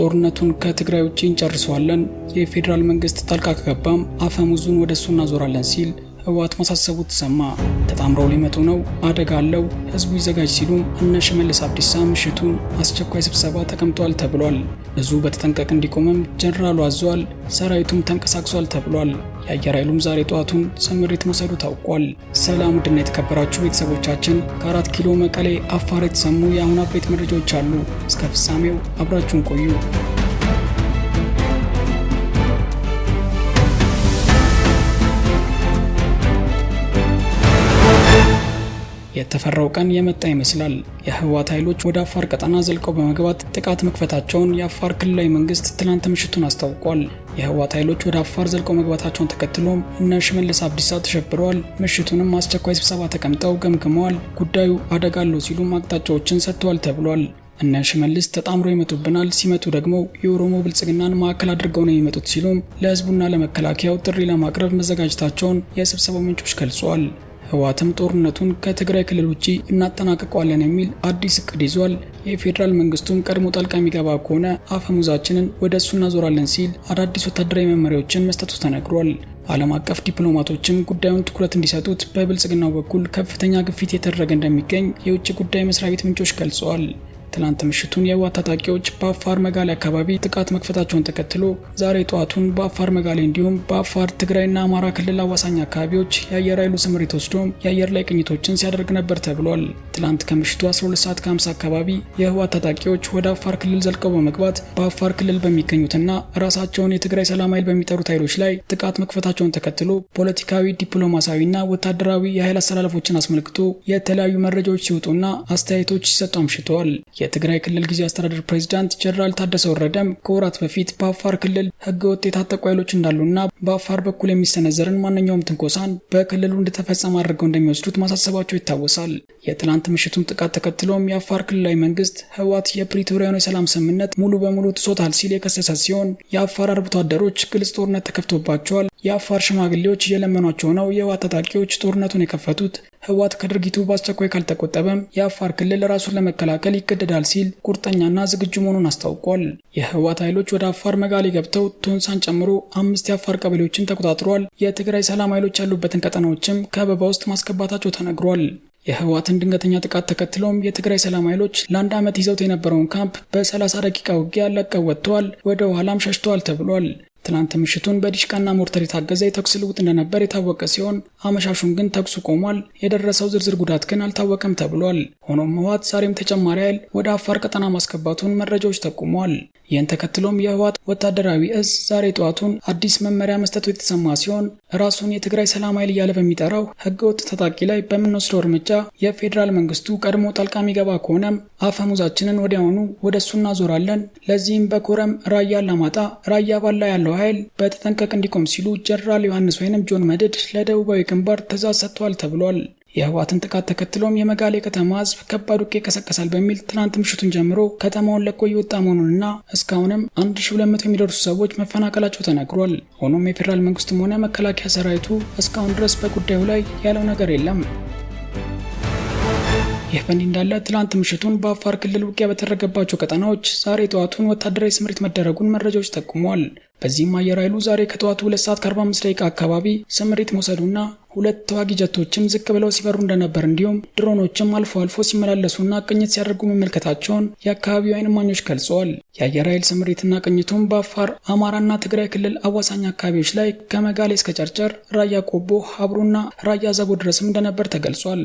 ጦርነቱን ከትግራይ ውጭ እንጨርሰዋለን፣ የፌዴራል መንግስት ጣልቃ ከገባም አፈሙዙን ወደ እሱ እናዞራለን ሲል ህወሓት ማሳሰቡ ተሰማ። ተጣምረው ሊመጡ ነው፣ አደጋ አለው፣ ህዝቡ ይዘጋጅ ሲሉም እነ ሽመልስ አብዲሳ ምሽቱን አስቸኳይ ስብሰባ ተቀምጧል ተብሏል። ብዙ በተጠንቀቅ እንዲቆምም ጀነራሉ አዟል። ሰራዊቱም ተንቀሳቅሷል ተብሏል። የአየር ኃይሉም ዛሬ ጠዋቱን ስምሪት መውሰዱ ታውቋል። ሰላም ውድና የተከበራችሁ ቤተሰቦቻችን ከአራት ኪሎ መቀሌ አፋር የተሰሙ የአሁን አበይት መረጃዎች አሉ። እስከ ፍጻሜው አብራችሁን ቆዩ። የተፈራው ቀን የመጣ ይመስላል። የህወሓት ኃይሎች ወደ አፋር ቀጠና ዘልቀው በመግባት ጥቃት መክፈታቸውን የአፋር ክልላዊ መንግስት ትላንት ምሽቱን አስታውቋል። የህወሓት ኃይሎች ወደ አፋር ዘልቀው መግባታቸውን ተከትሎ እነ ሽመልስ አብዲሳ ተሸብረዋል። ምሽቱንም አስቸኳይ ስብሰባ ተቀምጠው ገምግመዋል። ጉዳዩ አደጋ አለው ሲሉም አቅጣጫዎችን ሰጥተዋል ተብሏል። እነ ሽመልስ ተጣምሮ ይመጡብናል፣ ሲመጡ ደግሞ የኦሮሞ ብልጽግናን ማዕከል አድርገው ነው የሚመጡት ሲሉም ለህዝቡና ለመከላከያው ጥሪ ለማቅረብ መዘጋጀታቸውን የስብሰባው ምንጮች ገልጿል። ህወሓትም ጦርነቱን ከትግራይ ክልል ውጭ እናጠናቅቋለን የሚል አዲስ እቅድ ይዟል። የፌዴራል መንግስቱም ቀድሞ ጣልቃ የሚገባ ከሆነ አፈሙዛችንን ወደ እሱ እናዞራለን ሲል አዳዲስ ወታደራዊ መመሪያዎችን መስጠቱ ተነግሯል። ዓለም አቀፍ ዲፕሎማቶችም ጉዳዩን ትኩረት እንዲሰጡት በብልጽግናው በኩል ከፍተኛ ግፊት የተደረገ እንደሚገኝ የውጭ ጉዳይ መስሪያ ቤት ምንጮች ገልጸዋል። ትናንት ምሽቱን የህወሓት ታጣቂዎች በአፋር መጋሌ አካባቢ ጥቃት መክፈታቸውን ተከትሎ ዛሬ ጠዋቱን በአፋር መጋሌ እንዲሁም በአፋር ትግራይና አማራ ክልል አዋሳኝ አካባቢዎች የአየር ኃይሉ ስምሪት ወስዶም የአየር ላይ ቅኝቶችን ሲያደርግ ነበር ተብሏል። ትናንት ከምሽቱ 12 ሰዓት ከ50 አካባቢ የህወሓት ታጣቂዎች ወደ አፋር ክልል ዘልቀው በመግባት በአፋር ክልል በሚገኙትና ራሳቸውን የትግራይ ሰላም ኃይል በሚጠሩት ኃይሎች ላይ ጥቃት መክፈታቸውን ተከትሎ ፖለቲካዊ፣ ዲፕሎማሲያዊና ወታደራዊ የኃይል አሰላለፎችን አስመልክቶ የተለያዩ መረጃዎች ሲወጡና አስተያየቶች ሲሰጡ አምሽተዋል። የትግራይ ክልል ጊዜ አስተዳደር ፕሬዚዳንት ጀነራል ታደሰ ወረደም ከወራት በፊት በአፋር ክልል ወጥ የታጠቁ ኃይሎች እንዳሉና በአፋር በኩል የሚሰነዘርን ማንኛውም ትንኮሳን በክልሉ እንደተፈጸመ አድርገው እንደሚወስዱት ማሳሰባቸው ይታወሳል። የትላንት ምሽቱን ጥቃት ተከትሎም የአፋር ክልላዊ መንግስት ህወሓት የፕሪቶሪያኑ የሰላም ስምምነት ሙሉ በሙሉ ጥሶታል ሲል የከሰሰ ሲሆን የአፋር አርብቶ አደሮች ግልጽ ጦርነት ተከፍቶባቸዋል። የአፋር ሽማግሌዎች እየለመኗቸው ነው የህወሓት ታጣቂዎች ጦርነቱን የከፈቱት ህወሓት ከድርጊቱ በአስቸኳይ ካልተቆጠበም የአፋር ክልል ራሱን ለመከላከል ይገደዳል ሲል ቁርጠኛና ዝግጁ መሆኑን አስታውቋል። የህወሓት ኃይሎች ወደ አፋር መጋሌ ገብተው ቶንሳን ጨምሮ አምስት የአፋር ቀበሌዎችን ተቆጣጥሯል። የትግራይ ሰላም ኃይሎች ያሉበትን ቀጠናዎችም ከበባ ውስጥ ማስገባታቸው ተነግሯል። የህወሓትን ድንገተኛ ጥቃት ተከትሎም የትግራይ ሰላም ኃይሎች ለአንድ ዓመት ይዘውት የነበረውን ካምፕ በ30 ደቂቃ ውጊያ ለቀው ወጥተዋል፣ ወደ ኋላም ሸሽተዋል ተብሏል። ትናንት ምሽቱን በዲሽቃና ሞርተር የታገዘ የተኩስ ልውጥ እንደነበር የታወቀ ሲሆን አመሻሹን ግን ተኩሱ ቆሟል። የደረሰው ዝርዝር ጉዳት ግን አልታወቀም ተብሏል። ሆኖም ህወሓት ዛሬም ተጨማሪ ኃይል ወደ አፋር ቀጠና ማስገባቱን መረጃዎች ጠቁመዋል። ይህን ተከትሎም የህወሓት ወታደራዊ እዝ ዛሬ ጠዋቱን አዲስ መመሪያ መስጠቱ የተሰማ ሲሆን ራሱን የትግራይ ሰላም ኃይል እያለ በሚጠራው ህገወጥ ታጣቂ ላይ በምንወስደው እርምጃ የፌዴራል መንግስቱ ቀድሞ ጣልቃ የሚገባ ከሆነም አፈሙዛችንን ወዲያውኑ ወደ እሱ እናዞራለን። ለዚህም በኮረም ራያ አላማጣ፣ ራያ ባላ ያለው ኃይል በተጠንቀቅ እንዲቆም ሲሉ ጀነራል ዮሐንስ ወይንም ጆን መድድ ለደቡባዊ ግንባር ትእዛዝ ሰጥተዋል ተብሏል። የህወሓትን ጥቃት ተከትሎም የመጋሌ ከተማ ህዝብ ከባድ ውቅ ይቀሰቀሳል በሚል ትናንት ምሽቱን ጀምሮ ከተማውን ለቆ እየወጣ መሆኑንና እስካሁንም 1200 የሚደርሱ ሰዎች መፈናቀላቸው ተነግሯል። ሆኖም የፌዴራል መንግስትም ሆነ መከላከያ ሰራዊቱ እስካሁን ድረስ በጉዳዩ ላይ ያለው ነገር የለም። ይህ በእንዲህ እንዳለ ትላንት ምሽቱን በአፋር ክልል ውጊያ በተደረገባቸው ቀጠናዎች ዛሬ ጠዋቱን ወታደራዊ ስምሪት መደረጉን መረጃዎች ጠቁመዋል። በዚህም አየር ኃይሉ ዛሬ ከጠዋቱ 2 ሰዓት 45 ደቂቃ አካባቢ ስምሪት መውሰዱና ሁለት ተዋጊ ጀቶችም ዝቅ ብለው ሲበሩ እንደነበር እንዲሁም ድሮኖችም አልፎ አልፎ ሲመላለሱና ቅኝት ሲያደርጉ መመልከታቸውን የአካባቢው አይን እማኞች ገልጸዋል። የአየር ኃይል ስምሪትና ቅኝቱም በአፋር አማራና ትግራይ ክልል አዋሳኝ አካባቢዎች ላይ ከመጋሌ እስከ ጨርጨር፣ ራያ ቆቦ፣ ሀብሩና ራያ ዘቦ ድረስም እንደነበር ተገልጿል።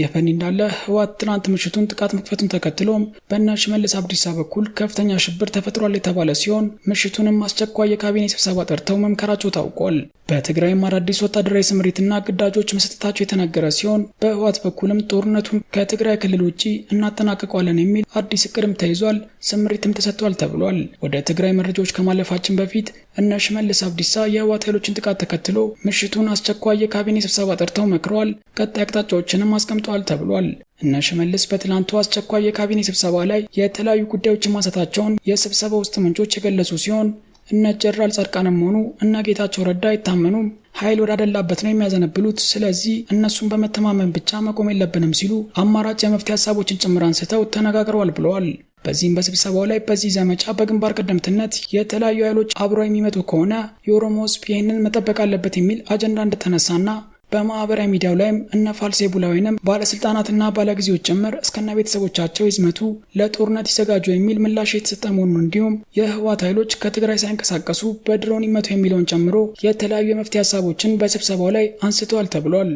ይህ በእንዲህ እንዳለ ህወሓት ትናንት ምሽቱን ጥቃት መክፈቱን ተከትሎም በእነ ሽመልስ አብዲሳ በኩል ከፍተኛ ሽብር ተፈጥሯል የተባለ ሲሆን ምሽቱንም አስቸኳይ የካቢኔ ስብሰባ ጠርተው መምከራቸው ታውቋል። በትግራይም አዳዲስ ወታደራዊ ስምሪትና ግዳጆች መሰጠታቸው የተነገረ ሲሆን በህወሓት በኩልም ጦርነቱን ከትግራይ ክልል ውጭ እናጠናቀቋለን የሚል አዲስ እቅድም ተይዟል፣ ስምሪትም ተሰጥቷል ተብሏል። ወደ ትግራይ መረጃዎች ከማለፋችን በፊት እነ ሽመልስ አብዲሳ የህወሓት ኃይሎችን ጥቃት ተከትሎ ምሽቱን አስቸኳይ የካቢኔ ስብሰባ ጠርተው መክረዋል። ቀጣይ አቅጣጫዎችንም አስቀምጠ ተቀምጧል ተብሏል። እነ ሽመልስ በትላንቱ አስቸኳይ የካቢኔ ስብሰባ ላይ የተለያዩ ጉዳዮችን ማንሳታቸውን የስብሰባ ውስጥ ምንጮች የገለጹ ሲሆን እነ ጀነራል ጻድቃንም ሆኑ እነ ጌታቸው ረዳ አይታመኑም፣ ኃይል ወዳደላበት ነው የሚያዘነብሉት። ስለዚህ እነሱን በመተማመን ብቻ መቆም የለብንም ሲሉ አማራጭ የመፍትሄ ሀሳቦችን ጭምር አንስተው ተነጋግረዋል ብለዋል። በዚህም በስብሰባው ላይ በዚህ ዘመቻ በግንባር ቀደምትነት የተለያዩ ኃይሎች አብረው የሚመጡ ከሆነ የኦሮሞ ሕዝብ ይህንን መጠበቅ አለበት የሚል አጀንዳ እንደተነሳና በማህበራዊ ሚዲያው ላይም እነ ፋልሴቡላ ወይንም ባለስልጣናትና ባለጊዜዎች ጭምር እስከነ ቤተሰቦቻቸው ይዝመቱ ለጦርነት ይዘጋጁ የሚል ምላሽ የተሰጠ መሆኑን እንዲሁም የህወሓት ኃይሎች ከትግራይ ሳይንቀሳቀሱ በድሮን ይመቱ የሚለውን ጨምሮ የተለያዩ የመፍትሄ ሀሳቦችን በስብሰባው ላይ አንስተዋል ተብሏል።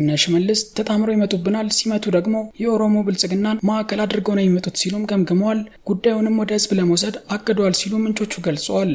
እነ ሽመልስ ተጣምረው ይመጡብናል፣ ሲመቱ ደግሞ የኦሮሞ ብልጽግናን ማዕከል አድርገው ነው የሚመጡት ሲሉም ገምግመዋል። ጉዳዩንም ወደ ህዝብ ለመውሰድ አቅደዋል ሲሉ ምንጮቹ ገልጸዋል።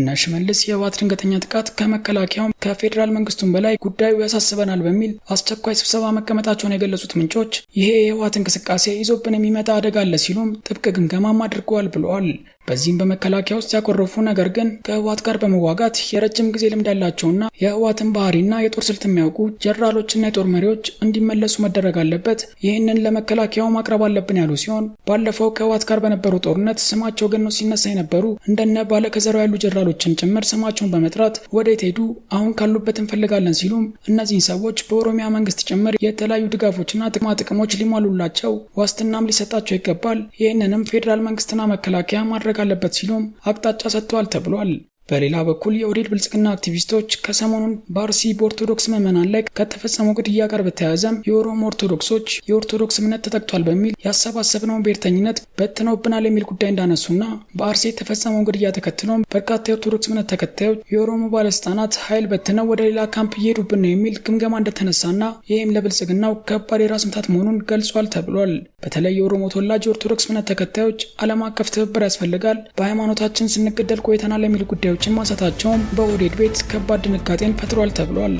እነ ሽመልስ የህወሓት ድንገተኛ ጥቃት ከመከላከያው ከፌዴራል መንግስቱም በላይ ጉዳዩ ያሳስበናል በሚል አስቸኳይ ስብሰባ መቀመጣቸውን የገለጹት ምንጮች ይሄ የህወሓት እንቅስቃሴ ይዞብን የሚመጣ አደጋ አለ ሲሉም ጥብቅ ግምገማም አድርገዋል ብለዋል። በዚህም በመከላከያ ውስጥ ያኮረፉ ነገር ግን ከህወሓት ጋር በመዋጋት የረጅም ጊዜ ልምድ ያላቸውና የህወሓትን ባህሪና የጦር ስልት የሚያውቁ ጀነራሎችና የጦር መሪዎች እንዲመለሱ መደረግ አለበት፣ ይህንን ለመከላከያው ማቅረብ አለብን ያሉ ሲሆን ባለፈው ከህወሓት ጋር በነበሩ ጦርነት ስማቸው ግን ነው ሲነሳ የነበሩ እንደነ ባለከዘራው ያሉ ጀነራሎችን ጭምር ስማቸውን በመጥራት ወዴት ሄዱ? አሁን ካሉበት እንፈልጋለን ሲሉም እነዚህን ሰዎች በኦሮሚያ መንግስት ጭምር የተለያዩ ድጋፎችና ጥቅማ ጥቅሞች ሊሟሉላቸው ዋስትናም ሊሰጣቸው ይገባል። ይህንንም ፌዴራል መንግስትና መከላከያ ማድረግ መደረግ አለበት ሲሉም አቅጣጫ ሰጥተዋል ተብሏል። በሌላ በኩል የኦሬድ ብልጽግና አክቲቪስቶች ከሰሞኑን በአርሲ በኦርቶዶክስ ምዕመናን ላይ ከተፈጸመው ግድያ ጋር በተያያዘም የኦሮሞ ኦርቶዶክሶች የኦርቶዶክስ እምነት ተጠቅቷል በሚል ያሰባሰብነውን ብሔርተኝነት በትነውብናል የሚል ጉዳይ እንዳነሱና በአርሲ የተፈጸመውን ግድያ ተከትሎም በርካታ የኦርቶዶክስ እምነት ተከታዮች የኦሮሞ ባለስልጣናት ኃይል በትነው ወደ ሌላ ካምፕ እየሄዱብን ነው የሚል ግምገማ እንደተነሳና ይህም ለብልጽግናው ከባድ የራስ ምታት መሆኑን ገልጿል ተብሏል። በተለይ የኦሮሞ ተወላጅ የኦርቶዶክስ እምነት ተከታዮች ዓለም አቀፍ ትብብር ያስፈልጋል፣ በሃይማኖታችን ስንገደል ቆይተናል የሚል ጉዳዮች ጉዳዮችን ማንሳታቸውም በኦህዴድ ቤት ከባድ ድንጋጤን ፈጥሯል ተብሏል።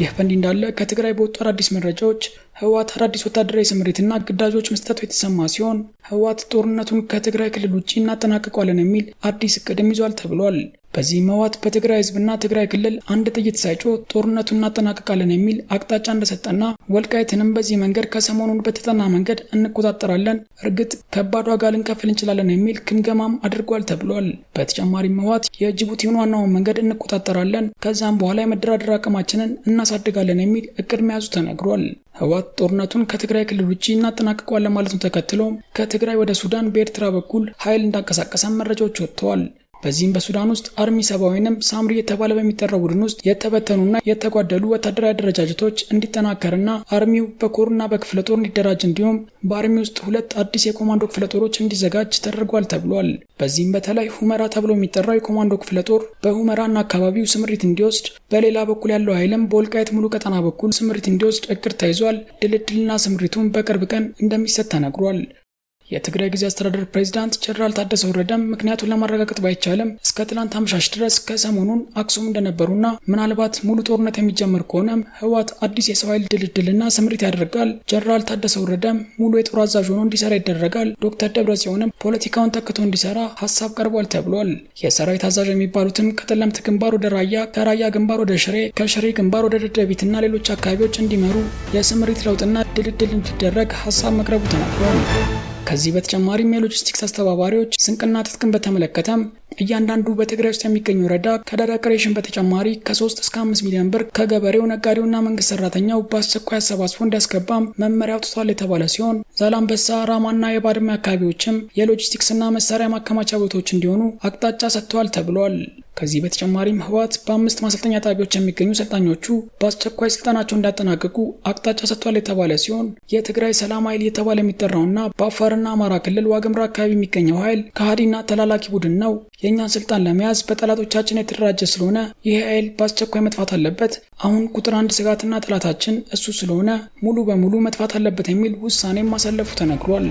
ይህ በእንዲህ እንዳለ ከትግራይ በወጡ አዳዲስ መረጃዎች ህወሓት አዳዲስ ወታደራዊ ስምሪትና ግዳጆች መስጠቱ የተሰማ ሲሆን ህወሓት ጦርነቱን ከትግራይ ክልል ውጭ እናጠናቅቋለን የሚል አዲስ እቅድም ይዟል ተብሏል። በዚህ ህወሓት በትግራይ ህዝብና ትግራይ ክልል አንድ ጥይት ሳይጮ ጦርነቱን እናጠናቀቃለን የሚል አቅጣጫ እንደሰጠና ወልቃይትንም በዚህ መንገድ ከሰሞኑን በተጠና መንገድ እንቆጣጠራለን፣ እርግጥ ከባድ ዋጋ ልንከፍል እንችላለን የሚል ግምገማም አድርጓል ተብሏል። በተጨማሪም ህወሓት የጅቡቲን ዋናውን መንገድ እንቆጣጠራለን፣ ከዛም በኋላ የመደራደር አቅማችንን እናሳድጋለን የሚል እቅድ መያዙ ተነግሯል። ህወሓት ጦርነቱን ከትግራይ ክልል ውጭ እናጠናቅቋለን ማለቱን ተከትሎም ከትግራይ ወደ ሱዳን በኤርትራ በኩል ኃይል እንዳንቀሳቀሰ መረጃዎች ወጥተዋል። በዚህም በሱዳን ውስጥ አርሚ ሰባ ወይንም ሳምሪ የተባለ በሚጠራው ቡድን ውስጥ የተበተኑና የተጓደሉ ወታደራዊ አደረጃጀቶች እንዲጠናከርና አርሚው በኮርና በክፍለ ጦር እንዲደራጅ እንዲሁም በአርሚ ውስጥ ሁለት አዲስ የኮማንዶ ክፍለ ጦሮች እንዲዘጋጅ ተደርጓል ተብሏል። በዚህም በተለይ ሁመራ ተብሎ የሚጠራው የኮማንዶ ክፍለ ጦር በሁመራና አካባቢው ስምሪት እንዲወስድ፣ በሌላ በኩል ያለው ኃይልም በወልቃየት ሙሉ ቀጠና በኩል ስምሪት እንዲወስድ እቅድ ተይዟል። ድልድልና ስምሪቱን በቅርብ ቀን እንደሚሰጥ ተነግሯል። የትግራይ ጊዜ አስተዳደር ፕሬዚዳንት ጀነራል ታደሰ ወረደም ምክንያቱን ለማረጋገጥ ባይቻልም እስከ ትናንት አመሻሽ ድረስ ከሰሞኑን አክሱም እንደነበሩና ምናልባት ሙሉ ጦርነት የሚጀመር ከሆነም ህወሓት አዲስ የሰው ኃይል ድልድልና ስምሪት ያደርጋል፣ ጀነራል ታደሰ ወረደም ሙሉ የጦር አዛዥ ሆኖ እንዲሰራ ይደረጋል፣ ዶክተር ሲሆንም ፖለቲካውን ተክቶ እንዲሰራ ሀሳብ ቀርቧል ተብሏል። የሰራዊት አዛዥ የሚባሉትም ከጠለምት ግንባር ወደ ራያ፣ ከራያ ግንባር ወደ ሽሬ፣ ከሽሬ ግንባር ወደ ደደቢትና ሌሎች አካባቢዎች እንዲመሩ የስምሪት ለውጥና ድልድል እንዲደረግ ሀሳብ መቅረቡ ተናግሯል። ከዚህ በተጨማሪም የሎጂስቲክስ አስተባባሪዎች ስንቅና ትጥቅን በተመለከተም እያንዳንዱ በትግራይ ውስጥ የሚገኝ ወረዳ ከደረቅ ሬሽን በተጨማሪ ከ3 እስከ 5 ሚሊዮን ብር ከገበሬው ነጋዴውና መንግስት ሰራተኛው በአስቸኳይ አሰባስቦ እንዲያስገባም መመሪያ አውጥቷል የተባለ ሲሆን ዛላምበሳ፣ ራማና የባድሜ አካባቢዎችም የሎጂስቲክስና መሳሪያ ማከማቻ ቦታዎች እንዲሆኑ አቅጣጫ ሰጥተዋል ተብሏል። ከዚህ በተጨማሪም ህወሓት በአምስት ማሰልጠኛ ጣቢያዎች የሚገኙ ሰልጣኞቹ በአስቸኳይ ስልጠናቸው እንዳጠናቀቁ አቅጣጫ ሰጥቷል የተባለ ሲሆን የትግራይ ሰላም ኃይል የተባለ የሚጠራውና በአፋርና አማራ ክልል ዋግምራ አካባቢ የሚገኘው ኃይል ከሃዲና ተላላኪ ቡድን ነው። የእኛን ስልጣን ለመያዝ በጠላቶቻችን የተደራጀ ስለሆነ ይህ ኃይል በአስቸኳይ መጥፋት አለበት። አሁን ቁጥር አንድ ስጋትና ጠላታችን እሱ ስለሆነ ሙሉ በሙሉ መጥፋት አለበት የሚል ውሳኔም ማሳለፉ ተነግሯል።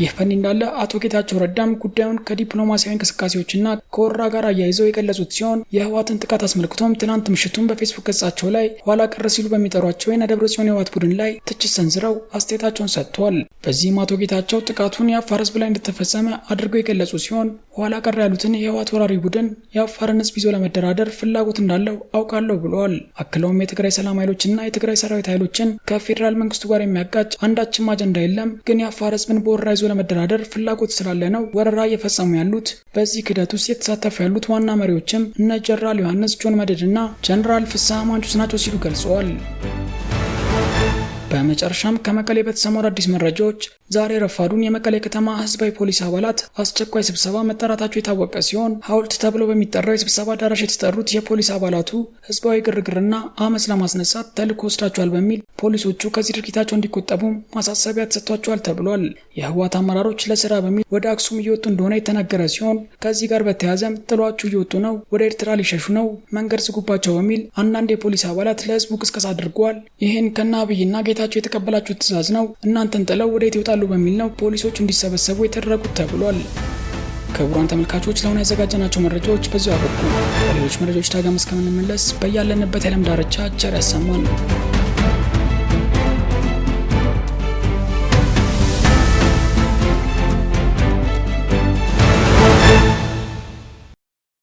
ይህ በእንዲህ እንዳለ አቶ ጌታቸው ረዳም ጉዳዩን ከዲፕሎማሲያዊ እንቅስቃሴዎችና ከወራ ጋር አያይዘው የገለጹት ሲሆን የህወሓትን ጥቃት አስመልክቶም ትናንት ምሽቱን በፌስቡክ ገጻቸው ላይ ኋላ ቀር ሲሉ በሚጠሯቸው የነደብረ ጽዮን የህወሓት ቡድን ላይ ትችት ሰንዝረው አስተያየታቸውን ሰጥተዋል። በዚህም አቶ ጌታቸው ጥቃቱን የአፋር ህዝብ ላይ እንደተፈጸመ አድርገው የገለጹ ሲሆን ኋላ ቀር ያሉትን የህወሓት ወራሪ ቡድን የአፋርን ህዝብ ይዞ ለመደራደር ፍላጎት እንዳለው አውቃለሁ ብለዋል። አክለውም የትግራይ ሰላም ኃይሎችና የትግራይ ሰራዊት ኃይሎችን ከፌዴራል መንግስቱ ጋር የሚያጋጭ አንዳችም አጀንዳ የለም፣ ግን የአፋር ህዝብን በወረራ ይዞ ለመደራደር ፍላጎት ስላለ ነው ወረራ እየፈጸሙ ያሉት። በዚህ ክደት ውስጥ የተሳተፉ ያሉት ዋና መሪዎችም እነ ጀነራል ዮሐንስ ጆን መደድ እና ጀነራል ፍስሐ ማንጁስ ናቸው ሲሉ ገልጸዋል። በመጨረሻም ከመቀሌ በተሰማሩ አዲስ መረጃዎች ዛሬ ረፋዱን የመቀሌ ከተማ ህዝባዊ ፖሊስ አባላት አስቸኳይ ስብሰባ መጠራታቸው የታወቀ ሲሆን ሀውልት ተብሎ በሚጠራው የስብሰባ አዳራሽ የተጠሩት የፖሊስ አባላቱ ህዝባዊ ግርግርና አመፅ ለማስነሳት ተልኮ ወስዳቸዋል በሚል ፖሊሶቹ ከዚህ ድርጊታቸው እንዲቆጠቡም ማሳሰቢያ ተሰጥቷቸዋል ተብሏል። የህወሓት አመራሮች ለስራ በሚል ወደ አክሱም እየወጡ እንደሆነ የተነገረ ሲሆን ከዚህ ጋር በተያያዘም ጥሏችሁ እየወጡ ነው፣ ወደ ኤርትራ ሊሸሹ ነው፣ መንገድ ዝጉባቸው በሚል አንዳንድ የፖሊስ አባላት ለህዝቡ ቅስቀሳ አድርገዋል። ይህን ከነ አብይና ጌታቸው የተቀበላችሁ ትዕዛዝ ነው፣ እናንተን ጥለው ወደ ኢትዮጵያ ይችላሉ በሚል ነው ፖሊሶች እንዲሰበሰቡ የተደረጉት ተብሏል። ክቡራን ተመልካቾች ለሆነ ያዘጋጀናቸው መረጃዎች በዚሁ አበቁ። ሌሎች መረጃዎች ዳግም እስከምንመለስ በያለንበት የዓለም ዳርቻ ቸር ያሰማን።